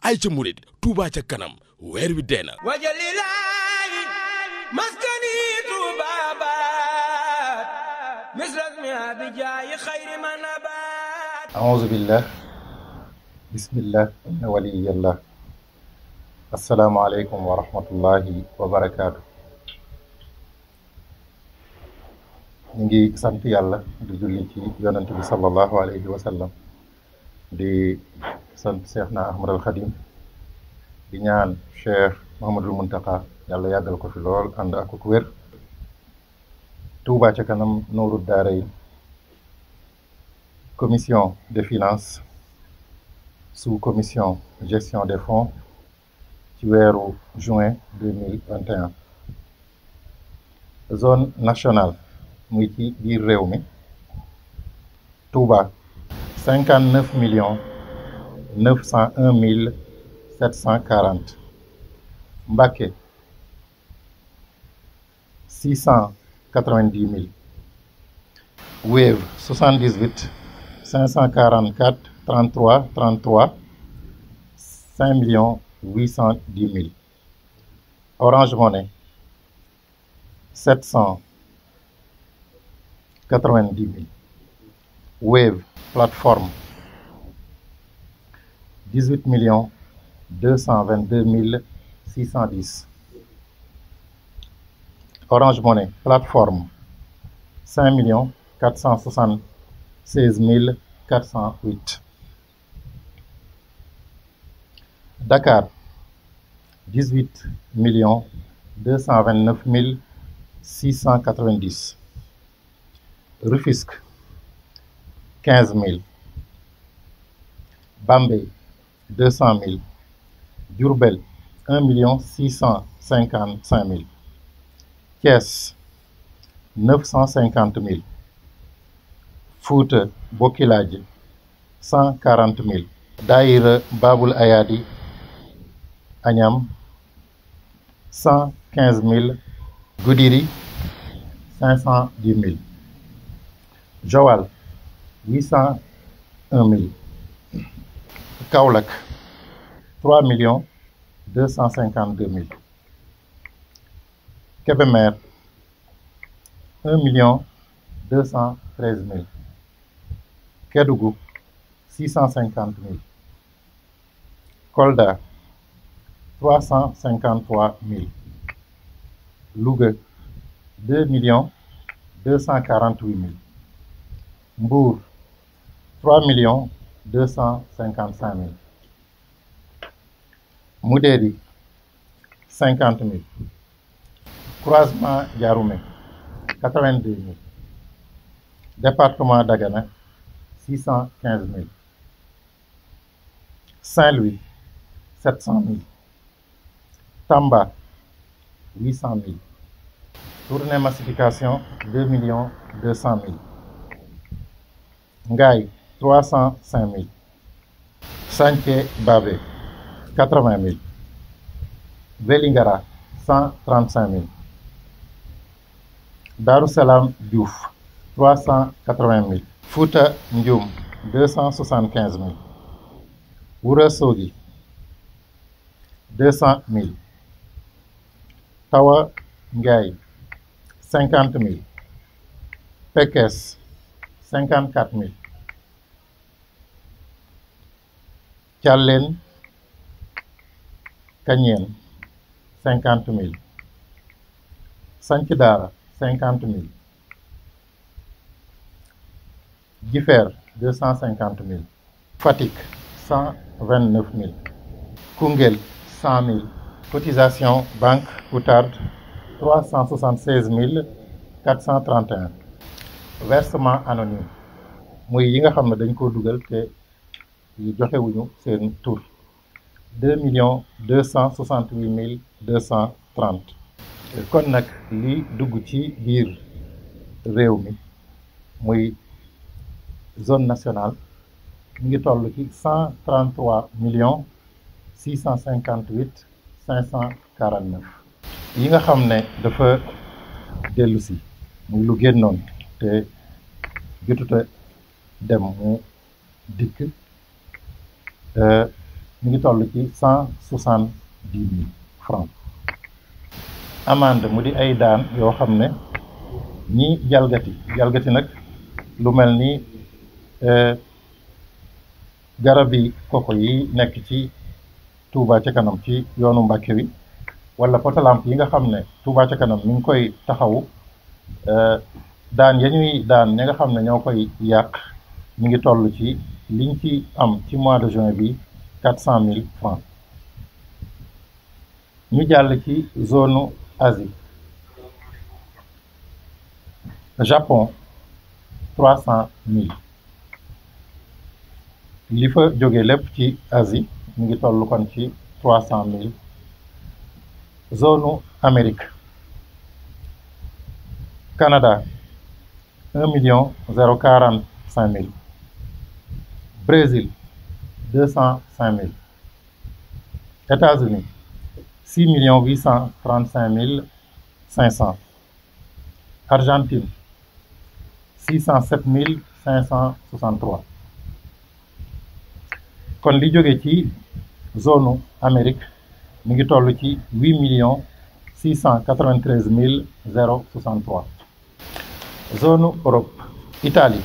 ay ca murit Touba ca kanam weer wi dee na wajalilaayi maskani Touba baat misras mi abijaayi man abaat aouzu billah bismillah inna waliyallah assalaamu aleykum wa rahmatullahi wa barakaatu ñu ngi sant yàlla di julli bi sallallahu alayhi wa sant Cheikh na Ahmadal Khadim di ñaan Cheikh Mouhamadul Mountakha yàlla yàggal ko fi lool ànd ak ko wér ca kanam nooru daara yi commission des finances sous commission gestion des fonds ci weeru juin deux mille vingt et un zone nationale muy ci biir réew mi Touba cinquante neuf millions neuf cent un mille sept cent quarante Mbacké six cent quatre-vingt-dix mille Wave soixante-dix-huit cinq cent quarante-quatre trente-trois trente-trois cinq millions huit cent dix mille Orange Money sept cent quatre-vingt-dix mille Wave plateforme dix-huit millions deux cent vingt-deux mille six cent dix Orange Money plateforme cinq millions quatre cent soixante-seize mille quatre cent huit Dakar dix-huit millions deux cent vingt-neuf mille six cent quatre-vingt-dix Rufisque quinze mille Bambey deux cent mille Diourbel un million six cinquante cinq mille Thiès cinquante mille Fouta quarante mille Daïra Babul Ayadi Agnam cent quinze mille cinq cent dix mille Kaolack trois millions deux cent cinquante deux mille Kébémer million deux cent treize cent cinquante mille Kolda trois cent cinquante trois mille Louga deux millions deux quarante huit mille Mbour trois millions deux cent mille Mudéri cinquante mille croisement Diaroumé quatre vingt deux mille département Dagana cent quinze mille Saint-Louis sept cent mille Tamba huit tournée massification deux millions deux cent mille Ngaye trois cent cinq mille Sanké Babé quatre-vingt mille Vélingara cent trente-cinq mille Darou Salam trois cent quatre-vingt mille Fouta Ndioum mille Oura deux cent mille Tawa cinquante mille Pekes cinquante-quatre mille Thialène Kagneen cinquante mille Sanc Daara cinquante mille Jifeer deux cinquante mille Fatick cent vingt Koungheul cent mille cotisation banque Outarde trois cent soixante seize mille quatre cent trente versement anonyme muy yi nga xam ne dañ ko dugal te yu joxewuñu seen tour deux millions cent soixante-huit mille deux cent trente kon nag li dugg ci biir réew mi muy zone nationale mi ngi toll ci cent trente-trois millions six cent cinquante-huit cinq yi nga xam ne dafa dellu lu génnoon te jotuta dem mu dikk mi euh, ngi toll ci cent soixante dix mille francs amande mu di ay daan yoo xam ne ñi jalgati jalgati nag lu mel ni euh, garabi koko yi nekk ci Touba ca kanam ci yoonu Mbàkke wi wala potalamp yi nga xam ne Touba ca kanam mu ngi koy taxawu euh, daan ya ñuy daan ñi nga xam ne ñoo koy yàq mi ngi toll ci liñ ci am ci mois de juin bi quatre cent mille francs ñu jàll ci zone Asie Japon trois cent mille li fa jóge lépp ci asi mu ngi toll kon ci trois cent mille zone Amérique Canada un million zéro quarante cinq Brésil deux cent cinq mille États-Unis cent trente mille cinq cents Argentine six cent sept mille cinq cent soixante kon li jóge ci zone Amérique mi ngi toll ci huit millions six cent quatre mille zéro soixante-trois Europe Italie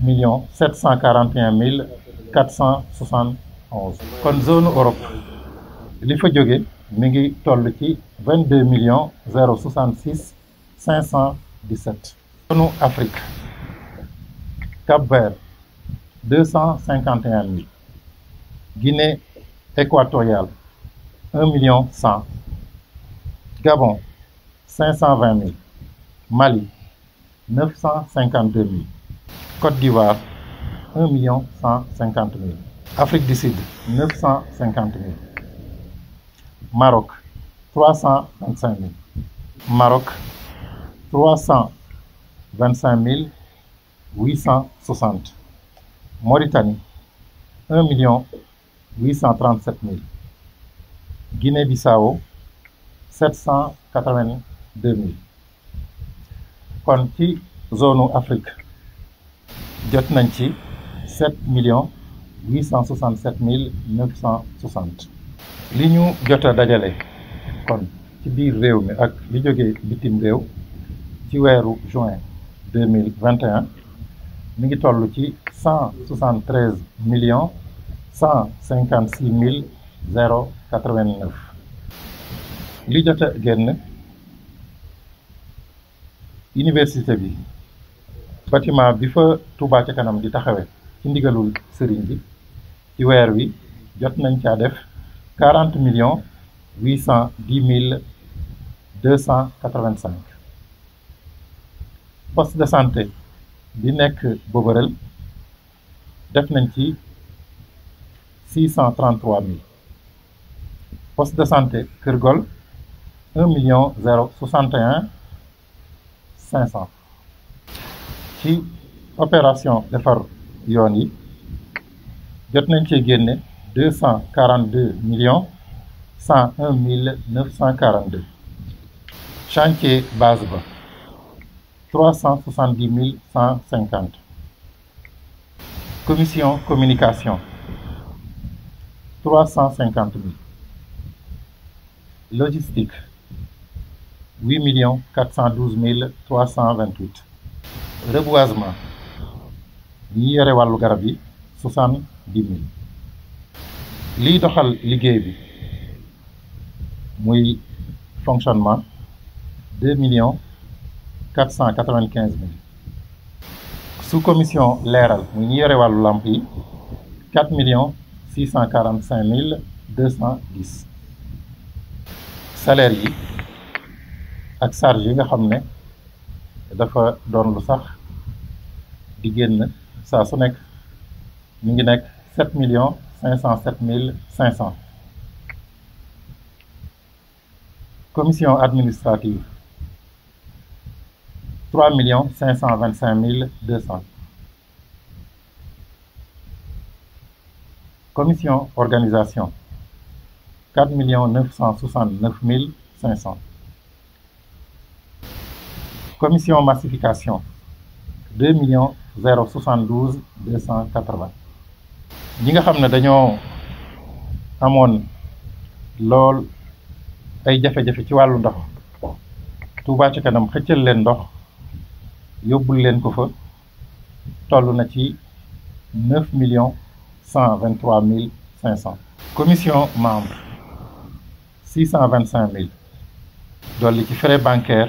million sept cent quarante et mille quatre cent soixante kon zone Europe li fa jóge mi ngi toll ci vingt deux millions zéro soixante six cinq cent dix zone Afrique Cap-Vert cinquante et un mille Guinée équatoriale un million cent Gabon Mali Côte d'Ivoire un million cent Afrique du Sud neuf cent cinquante mille mille Maroc trois cent million huit cent trente mille Guinée-Bissau sept cent quatre kon ci zone Afrique jot nañ ci sept millions huit cent soixante mille neuf cent soixante li ñu jot dajale kon ci biir réew mi ak li jóge bitim réew ci weeru juin deux mille mi ngi toll ci cent soixante treize cent cinquante six mille zéro li jot a génn université bi. bâtiment bi fa Touba ca kanam di taxawee ci ndigalul sëriñ bi ci weer wi jot nañ caa def quarante millions huit cent dix mille deux cent quatre-vingt-cinq poste de santé bi nekk Boborel def nañ ci six cent trente-trois de santé Kër Gol un million zéro soixante un ci opération defar yoon yi jot nañ cee génne deux cent quarante deux millions cent un mille neuf cent quarante deux chantier base ba trois cent soixante dix mille cent cinquante commission communication trois cinquante mille logistique huit millions quatre cent douze mille trois cent vingt huit reboisement ñi yore wàllu garab yi soixante dix mille liy doxal liggéey bi muy fonctionnement deux millions quatre cent quatre vingt quinze mille sous commission leeral mu ñi yore wàllu làmp yi quatre millions six cent quarante cinq mille deux cent dix salaire yi ak sarge yi nga xam ne dafa doon lu sax di génn saa su nekk mu ngi nekk sept million cinq cent sept mille cinq cent commission administrative trois millions cinq cent vingt cinq mille deux cent commission organisation quatre millions neuf cent soixante neuf mille cinq cent commission massification deux millions zéro soixante douze deux cent quatre vingt ñi nga xam ne dañoo amoon lool ay jafe-jafe ci wàllu ndox Touba ca kanam xëccal leen ndox yóbbul leen ko fa toll na ci neuf millions cent vingt trois mille cinq cent commission membre six cent vingt cinq mille dolli ci frais bancaire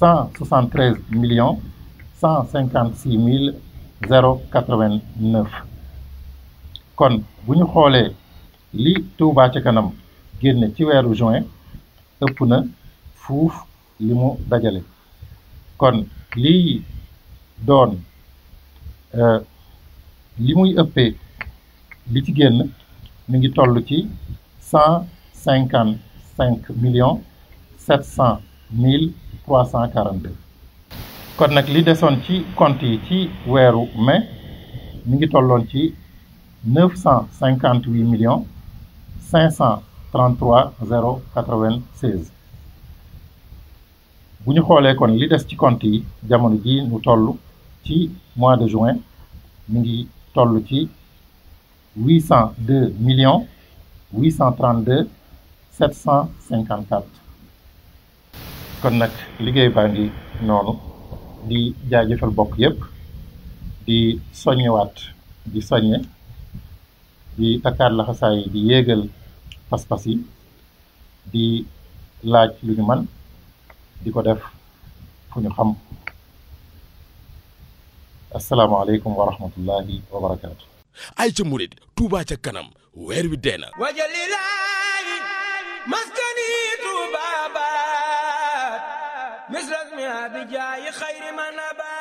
173 millions 156 mille 089 kon bu ñu xoolee li Touba ca kanam génn ci weeru juin ëpp na fuuf li mu dajale kon lii doon euh, li muy ëppee bi ci génn mi ngi toll ci cent cinquante cinq millions sept mille trois cent quarante kon nag li desoon ci compte yi ci weeru mai mi ngi tolloon ci neuf cinquante-huit millions cinq cent trente-trois zéro quatre bu ñu xoolee kon li des ci compte yi jamono ji ñu toll ci mois de juin mi ngi toll ci huit cent deux millions huit cent kon nag liggéey baa ngi noonu di jaajëfal bokk yépp di soññewaat di soññe di takkaat laxasaay di yéegal pas-pas yi di laaj lu ñu man di ko def fu ñu xam asalaamaaleykum wa rahmatullahi wa barakaatu ay ca murid Tuubaa ca kanam weer wi dee na wajalilaahi maskani misras mi abi jaayi xayri man aba